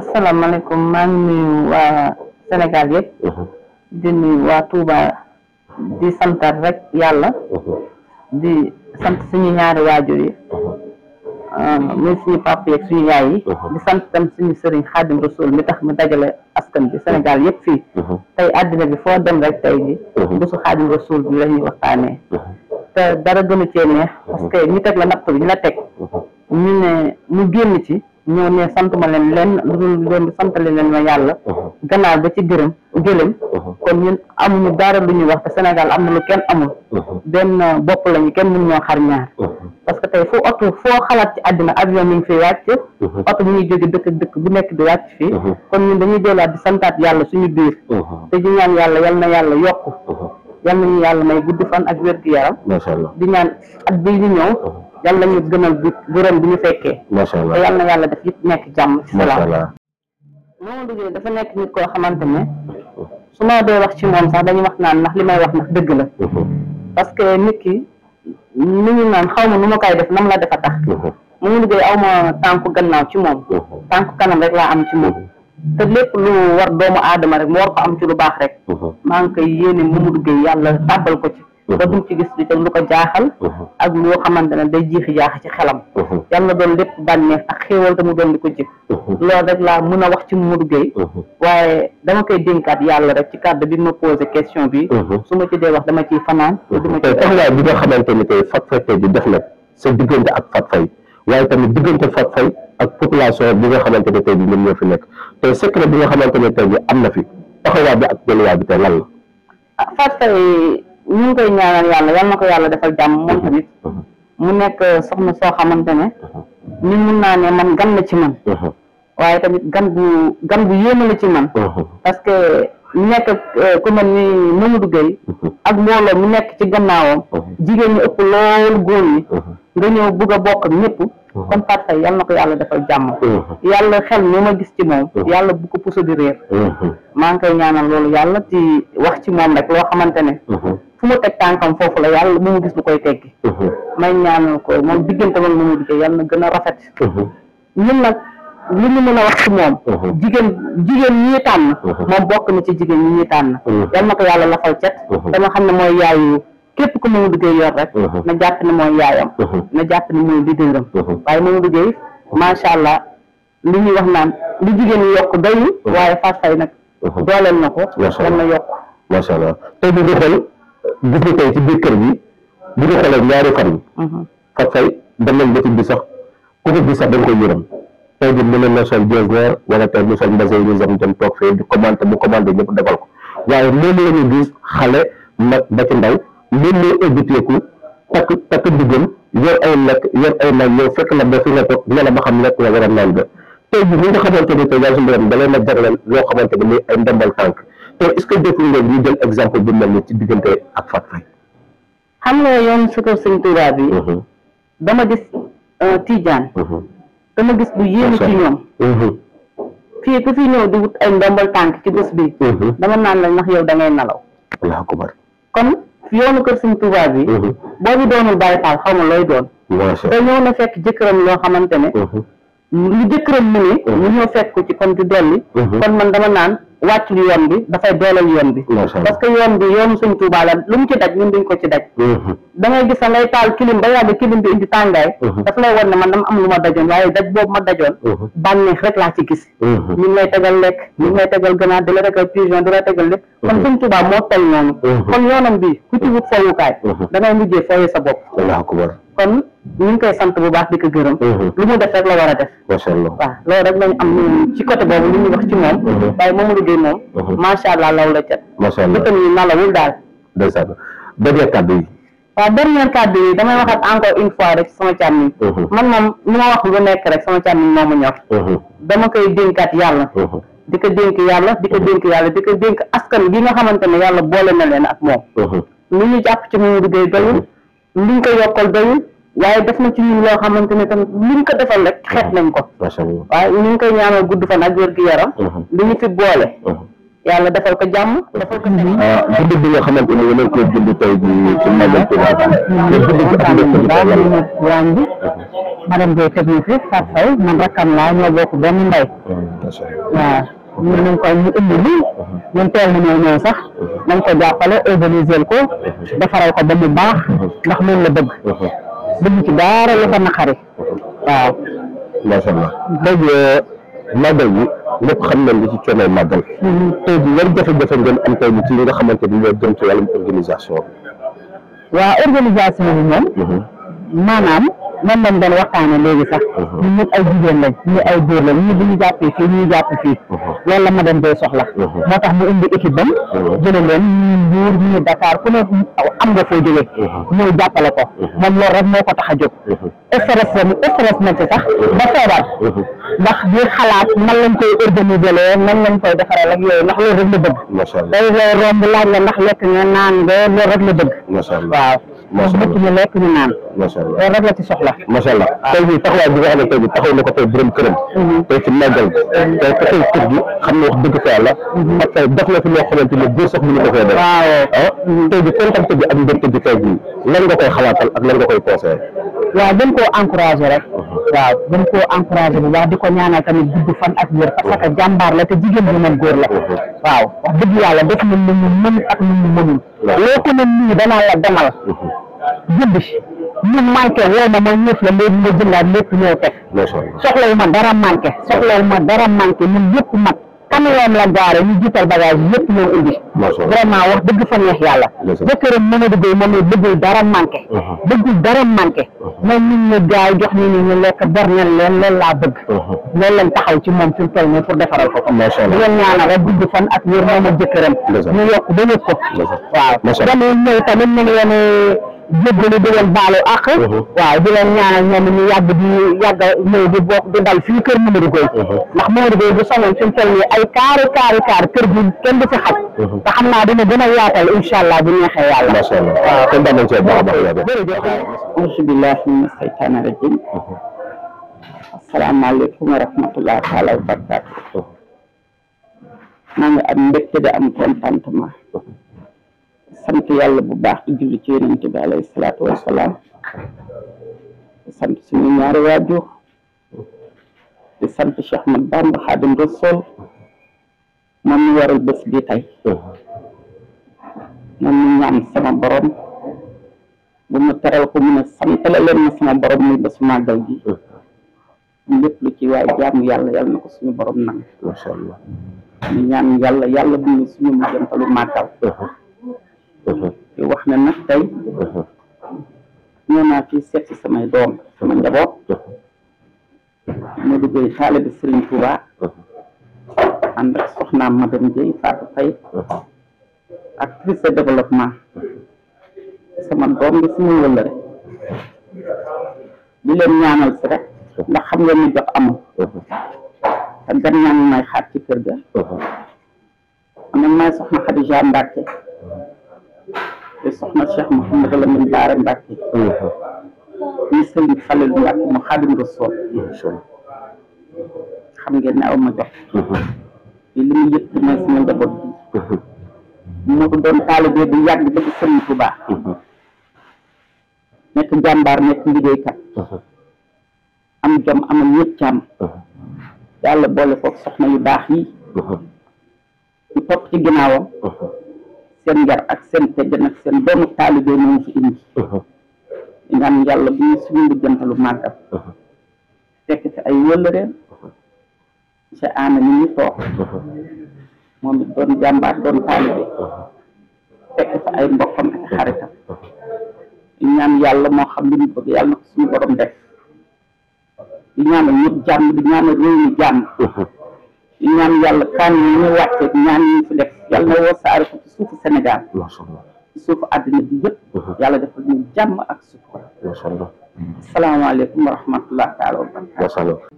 asalaamaaleykum maa ngi nuyu waa Sénégal yëpp. Uh-huh. di nuyu waa Touba di santar rek yàlla. Uh-huh. di sant suñu ñaari waajur yi. Uh-huh. Ah, muy suñu papa yeeg suñu yaay yi. di sant tam suñu sëriñ Xaadim Rasul mi tax mu dajale askan bi Sénégal yëpp fii. tey àddina bi foo dem rek tey ji bésu Xaadim Rasul bi la ñuy waxtaanee. te dara gënu cee neex. parce que ñu teg la natt bi ñu la teg. ñu ne ñu génn ci. ñoo ne sant ma leen lenn lu dul leen santale leen ma yàlla uh-huh. ganaar ba ci gërëm gëlëm uh-huh. kon ñun amuñu dara lu ñuy wax te Sénégal am na lu kenn amul uh-huh. benn bopp lañu kenn mun ñoo xar ñaar parce que tey fu oto foo xalaat ci àddina avion mi ngi fi wàcc oto mi ngi jóge dëkk dëkk bu nekk di wàcc fii kon ñun dañuy delluwaat di santaat yàlla suñu biir te di ñaan yàlla yal na yàlla yokk yal nañu yàlla may gudd fan ak wér-gu-yaram di ñaan at bii di ñëw yàlla ñu gënal bu bu bi ñu fekkee. macha allah te yàlla na yàlla def yëpp nekk jàmm. ci salaam Mamadou Gueye dafa nekk nit koo xamante ne su ma dee wax ci moom sax dañuy wax naan ndax li may wax ndax dëgg la. Mhm. parce que nit ki ni ñu naan xaw ma nu ma koy def nam la dafa tax. Mhm. Mamadou Gueye aw ma tànku gannaaw ci moom. Mhm. tànku kanam rek laa am ci moom. te lépp lu war doomu aadama rek mu war ko am ci lu baax rek. maa ngi koy yéene Mamadou Gueye yàlla tàbbal ko ci. ba duñ ci gis itam lu ko jaaxal ak loo xamante ne day jiixi jaax ci xelam yàlla doon lépp bànneex ak xéewal te mu doon di a wax ci Modou Gueye waaye dama koy dénkaat yàlla rek ci cadre bi ma posé question bi su ma ci dee wax dama ciy fanaan dama ci taxawaay bi nga xamante ni tey Fatou Faye tey bi def na sa diggante ak Fatou Faye waaye tamit diggante Fatou Faye ak population bi nga xamante ne tey bi ñoom ñoo fi nekk tey secret bi nga xamante ne tey bi am na fi taxawaay bi ak delluwaay bi tey lan la ah, ñu ngi koy ñaanal yàlla yal ko yàlla defal jàmm moom tamit uh-huh. mu nekk soxna soo xamante ne uh-huh. ni mun naa ne man gan la ci man uh-huh. waaye tamit gan bu gan bu yéeme la ci man parce que mu nekk euh, ku mel ni Mamadou Gueye ak mbooloo mu nekk ci gannaawam jigéen ñi ëpp loolu góor ñi nga ñëw bugg a bokk ak ñëpp kon Fatou Faye yal na ko yàlla defal jàmm yàlla xel ni ma gis ci moom yàlla bu ko puso di réer maa ngi koy ñaanal loolu yàlla ci wax ci moom rek loo xamante ne fu ma teg tànkam foofu la yàlla mu mu gis lu koy teggi mhm. may ñaanal ko moom diggante moom Mamadou Gueye yàlla na gën a rafet mhm. ñun nag li ñu mën a wax moom mhm. jigéen jigéen ñi tànn moom bokk na ci jigéen ñi ñuy tànn yal na ko yàlla lafal cet dama xam ne mooy yaayu képp ku Mamadou Gueye yor rek na jàpp ne mooy yaayam na jàpp ne mooy leaderam waaye Mamadou Gueye macha allah li ñuy wax naan li jigéen ñi yokk doyul waaye Fass Faye nag dooleel na ko dana yokk macha gis ni tey ci biir kër gi bu ñu xoolee ñaari fan yi fat mhm. say dem nañ bëccëg bi sax ku ko gis sax da nga koy yërëm tey jii mënoon na sol jeesneer wala tey mu sol mbasin ñu sam dem toog fee di commandé bu commandé ñëpp defal ko waaye moom la ñu gis xale mag ba ci ndaw moom mooy éviteeku takk takk diggam yor ay lekk yor fekk la ba fi nga toog ba xam lekk war a naan ba tey jii ñi nga xamante ni tey yàlla suñu borom da leen a jagleel loo xamante ni muy ay ndombal tànk te est-ce que jotul nga ñu jël exemple bu mel ni ci diggante ak Fatou Faye. xam nga yoon si ko sëñ Tuubaa bi. Mhm. dama gis euh, Tidiane. Mhm. dama gis bu yéeme ci ñoom. Mhm. fii ku fi ñëw di wut ay ndombal tànk ci bés bi. dama la ndax yow da ngay nalaw. doonul Baay Faal xaw ma doon. te ñëw na fekk jëkkëram loo xamante ne. lu jëkkëram mu ne. ñu ñëw ci kon du delli. kon dama naan. wàcc yoon bi dafay dooleel yoon bi parce que yoon bi yoonu suñ Tuubaa lu mu ci daj ñun duñ ko ci daj mm-hmm. da ngay gis ngay taal kilim ba yàgg kilim bi indi tàngaay mm-hmm. dafa lay wan ne man dama am lu ma dajoon waaye daj boobu ma dajoon mm-hmm. bànneex rek laa ci gis ñu ngi lay tegal lekk ñu ngi lay tegal ganaar di la tegal pigeon di la tegal lépp kon suñ Tuubaa moo tol noonu kon yoonam bi ku ci wut fowukaay da ngay mujjee fooyee sa bopp kon ñu ngi koy sant bu baax di ko gërëm mm-hmm. lu mu def rek la war a def macha allah waaw loolu rek lañu am ñun ci côté boobu lu ñuy wax ci moom mm-hmm. waaye moom mm-hmm. macha la jot macha allah bëtam yi nalawul daal ndeysaan dernier kàddu yi waaw dernier kàddu yi damay waxaat encore une fois rek sama càmmiñ man moom li ma wax lu nekk rek sama càmmiñ moomu ñor dama koy dénkaat yàlla di ko dénk yàlla di ko dénk yàlla di ko dénk askan gi nga xamante yàlla boole na leen ak moom lu ñu jàpp ci Mamadou Gueye doyul liñ ko yokkal doyul waaye def na ci ñun loo xamante ne tamit liñ ko defal rek xeet mm-hmm. nañ ko waaye ñu ngi koy ñaanal gudd fan ak wér gu yaram mm-hmm. li ñu fi boole mm-hmm. yàlla defal ko jàmm defal ko ah, guddi bi nga xamante ne yéen a ko guddi tey ji ci magal Tuubaa waañ bi madame Gueye teg ñu fi Fatou Faye man rakkam laa ñoo bokk benn ndey waaw ñun nañ ko ñu indi lii ñun teel na ñoo ñëw sax nañ ko jàppale organiser ko defaral ko ba mu baax ndax moom la bëgg bëgg ci daara la ko naqari waaw macha allah léegi màggal bi ñëpp xam nañ li ci coonay màggal mhm. tey bi yan jafe-jafe ngeen am tey bi nga xamante ni ñoo jëm ci wàllum organisation bi waaw organisation bi moom mhm. maanaam man lañ doon waxtaane léegi sax uh-huh. ñun ñëpp ay jigéen lañ ñu ay góor lañ ñu duñu jàppee fii ñuy jàpp fii uh-huh. loolu la ma dem day soxla uh-huh. moo tax mu indi équipe bam jële leen ñu Mbuur ñu Dakar ku ne am nga foo jóge ñëw jàppale ko moom loolu a jóg stress la stress na ci sax ba feebar ndax di xalaat nan lañ koy organiser lee nan lañ koy defaral a yooyu ndax loolu rek la bëgg day lay romb macha allah ñu lekk ñu naan. macha allah loolu rek la ci soxla. macha allah tey jii taxawaay bi nga xam ne tey jii taxaw na ko tey borom këram. Mhm. tey ci màggal tey taxaw kër gi xam ne wax dëgg fa yàlla. Mhm. ak tey def na fi loo xamante ni bu sox ñu ko fee def. waaw ah, tey jii contact bi ak mbégte bi tey jii lan nga koy xalaatal ak lan nga koy conseillé. waaw dañ koo encouragé rek uh-huh. waaw dañ koo encouragé bu baax di ko ñaanal tamit gudd fan ak wér parce que uh-huh. jàmbaar la te jigéen bi man góor la uh-huh. waaw wax dëgg yàlla def nañ lu ñu mën ak lu ñu mënul loo ko ne nii danaa la demal jënd ñu manqué woo ma ma ñëf la léegi nga jëndaat lépp ñëw teg soxlawu ma dara manqué soxlawu ma dara camion la gaare ñu jiital bagage yëpp ñoo indi vraiment wax dëgg fa neex yàlla jëkkëram mën a la moom ne bëggul dara manqué uh-huh. bëggul dara manqué uh-huh. moom nit ñi gaay jox nit ñi ñu lekk bornel leen loolu laa bëgg uh-huh. loolu lañ taxaw ci moom suñ toll nii pour defaral ko ko yéen ñaanal rek fan ak wér moom ak jëkkëram ñu yokk jéggalu di leen baalu àq uh-huh. waaw di leen ñaanal ñoom ñu yàgg di yàgg dal fii kër Mamadou Gueye uh-huh. ndax Mamadou Gueye bu soñoon suñu toll ay kaari kaari kaar kër gi kenn du fi xaj uh-huh. te xam naa dina gën a yaatal incha allah bu neexee yàlla macha allah kon daan nañ cee baax a baax jërëjëf auzu billahi mina shaytaani rajim asalaamaaleykum wa rahmatullahi taala wa barakatu maa ngi am mbégte di am contentement sant yàlla bu baax di julli ci yonent bi alayhi salaatu wasalaam di sant suñu ñaari waajur di sant Cheikh Ahmad Bamba Xaadim Rasul moom ñu waral bés bi tey bu mu teral ko mu ne santale leen ma sama lu ci waay jaamu yàlla yàlla na ko suñu borom nag di wax ne nag tey ñëw naa fii seet si samay doom sama njaboot Modou Gueye taalibe Serigne Touba ànd ma soxnaam madame Gueye Fatou Faye actrice de développement sama doom bi sama wëllëre di leen ñaanal si rek ndax xam nga ni jox amul te gan ñaan may xaar ci kër ga man maay soxna Khadija soxna Cheikh Mouhamadou Lamine Bara Mbacke ñii mhm. sëriñ Falil Mbacke mu Xaadimu Rasuul xam ngeen ne aw ma jox mhm. li mu yëg ci mooy sama mhm. doon taalibe bu yàgg bëgg sëriñ Tuubaa nekk jàmbaar nekk liggéeykat am jom amal ñëpp càmm yàlla boole foofu soxna yu baax yi ñu topp ci ginnaawam seen ak seen teggan ak seen doomu taalibe moom fi indi uh-huh. ñaan yàlla bu ñu suñu diggantalu màggal uh-huh. fekk fi ay wëllëreen sa uh-huh. aana ni ñu toog moom it doon jàmbaar doon taalibe fekk ay mbokkam ak xaritam ñaan yàlla moo xam bi mu bëgg yàlla na ko suñu borom def di ñaanal ñëpp jàmm di ñaanal réew mi jàmm ñaan yàlla kaan yi ñu wàcce ñaan yi ñu fi def yàlla na woo saare ko ci suufu Sénégal ci suufu àddina bi yëpp mhm. yàlla defal ñu jàmm ak suuf. salaamaaleykum wa rahmatulah taala wa